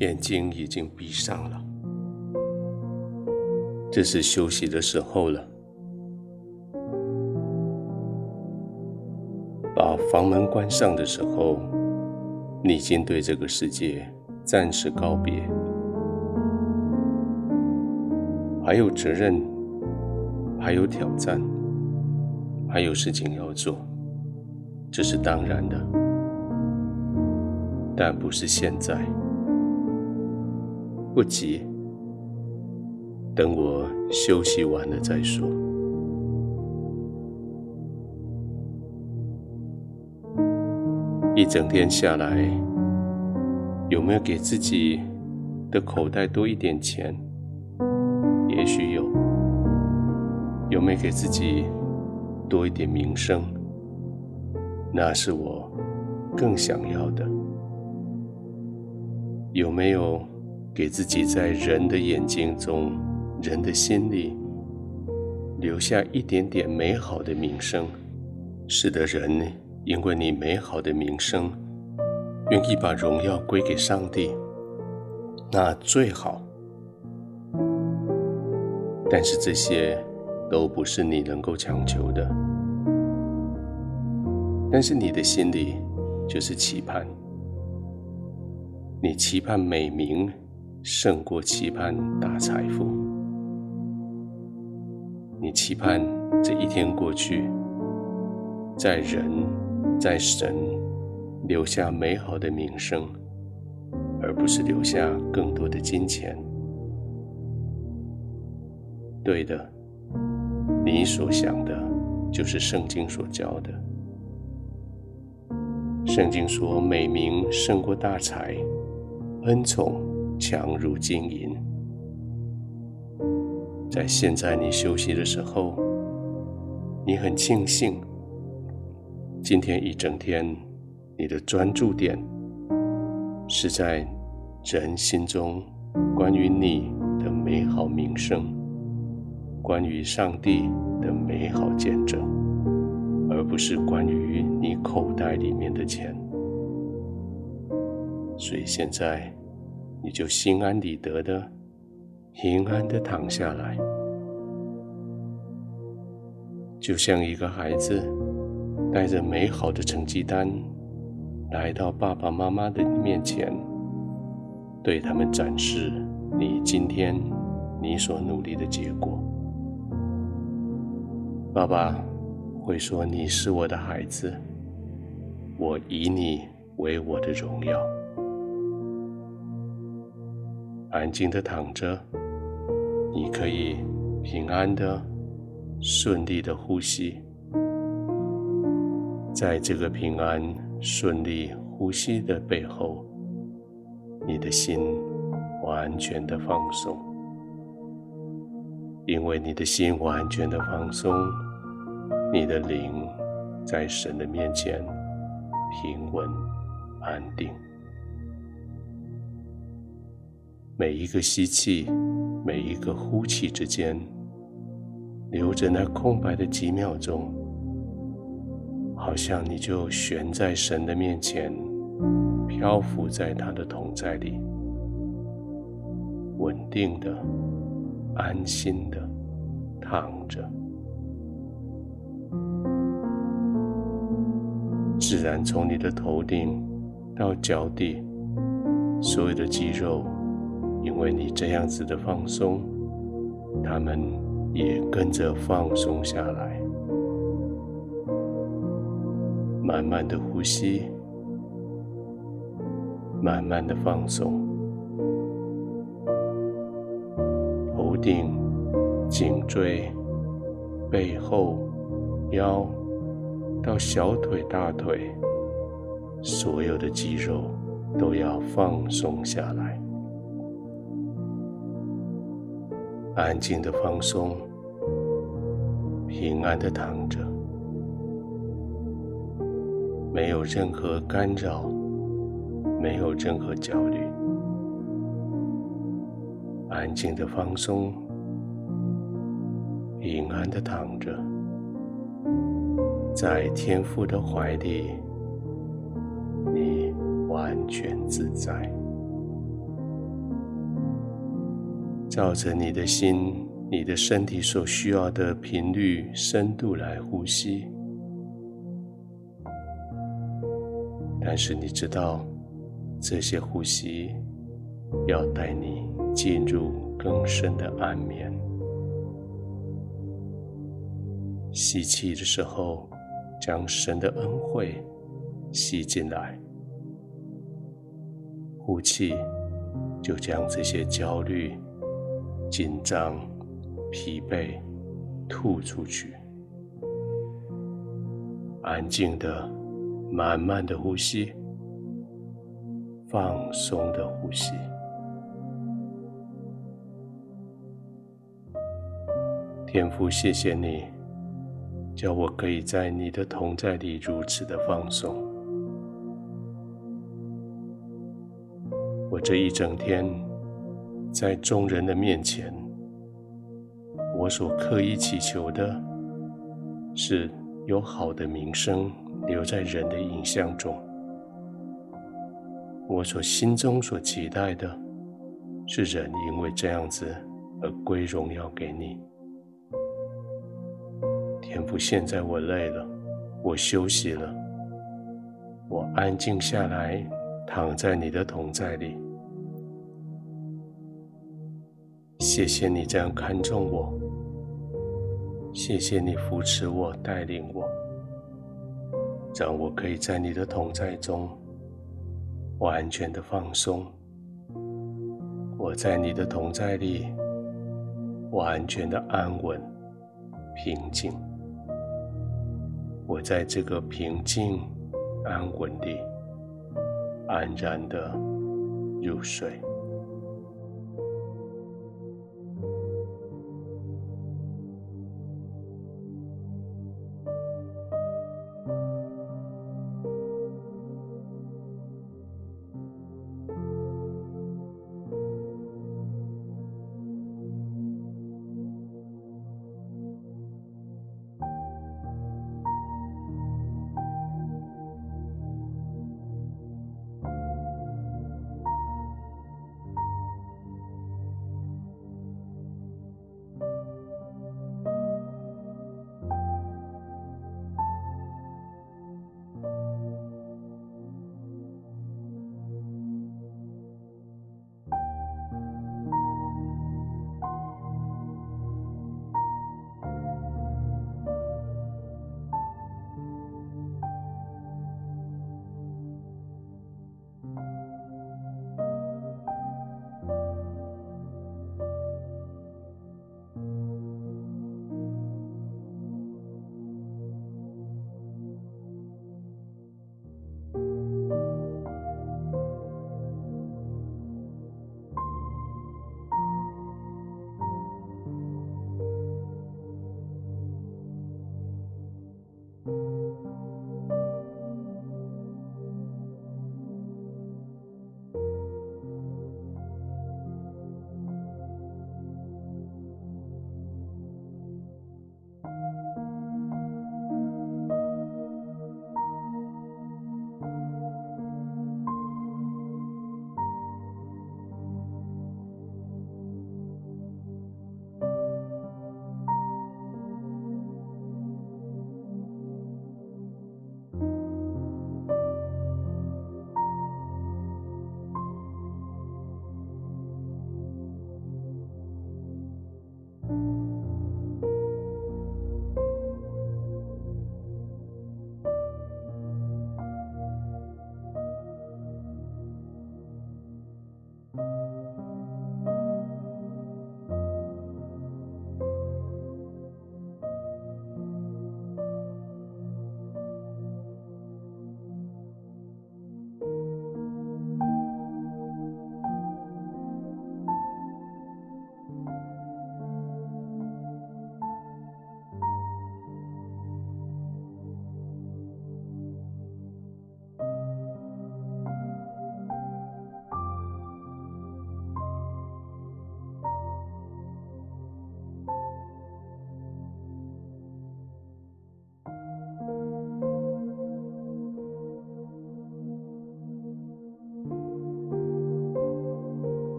眼睛已經閉上了，這是休息的時候了。把房門關上的時候，你已經對這個世界暫時告別。還有責任，還有挑戰，還有事情要做，這是當然的。但不是現在。不急，等我休息完了再說。一整天下來，有沒有給自己的口袋多一點錢？也許有。有沒有給自己多一點名聲？那是我更想要的。有沒有？給自己在人的眼睛中、人的心裡留下一點點美好的名聲，使得人因為你美好的名聲，願意把榮耀歸給上帝，那最好。但是這些都不是你能夠強求的。但是你的心裡就是期盼，你期盼美名。勝過期盼大財富。你期盼這一天過去，在人，在神留下美好的名聲，而不是留下更多的金錢。對的，你所想的，就是聖經所教的。聖經說：“美名勝過大財，恩寵。”強如金銀，在現在你休息的時候，你很慶幸今天一整天你的專注點是在人心中關於你的美好名聲，關於上帝的美好見證，而不是關於你口袋裡面的錢。所以現在。你就心安理得的，平安的躺下來，就像一個孩子帶着美好的成績單來到爸爸媽媽的面前，對他們展示你今天你所努力的結果。爸爸會說：“你是我的孩子，我以你為我的榮耀。”安靜的躺着，你可以平安的、順利的呼吸。在這個平安、順利呼吸的背後，你的心完全的放鬆。因為你的心完全的放鬆，你的靈在神的面前平穩安定。每一個吸氣，每一個呼氣之間，留着那空白的幾秒鐘，好像你就懸在神的面前，漂浮在他的同在裡，穩定的、安心的躺着，自然從你的頭頂到腳底，所有的肌肉。因為你這樣子的放鬆，他們也跟着放鬆下來。慢慢的呼吸，慢慢的放鬆。頭頂、頸椎、背後、腰，到小腿、大腿，所有的肌肉都要放鬆下來。安靜的放鬆，平安的躺着，沒有任何干擾，沒有任何焦慮。安靜的放鬆，平安的躺着，在天父的懷裡，你完全自在。照着你的心、你的身體所需要的頻率、深度來呼吸，但是你知道這些呼吸要帶你進入更深的安眠。吸氣的時候，將神的恩惠吸進來；呼氣，就將這些焦慮、緊張、疲憊，吐出去。安靜的、慢慢的呼吸，放鬆的呼吸。天父，謝謝你，叫我可以在你的同在裡如此的放鬆。我這一整天，在眾人的面前，我所刻意祈求的是有好的名聲留在人的印象中。我所心中所期待的是人因為這樣子而歸榮耀給你。天父，現在我累了，我休息了，我安靜下來，躺在你的同在裡。謝謝你這樣看重我，謝謝你扶持我、帶領我，讓我可以在你的同在中完全的放鬆。我在你的同在裡完全的安穩、平靜。我在這個平靜、安穩裡安然的入睡。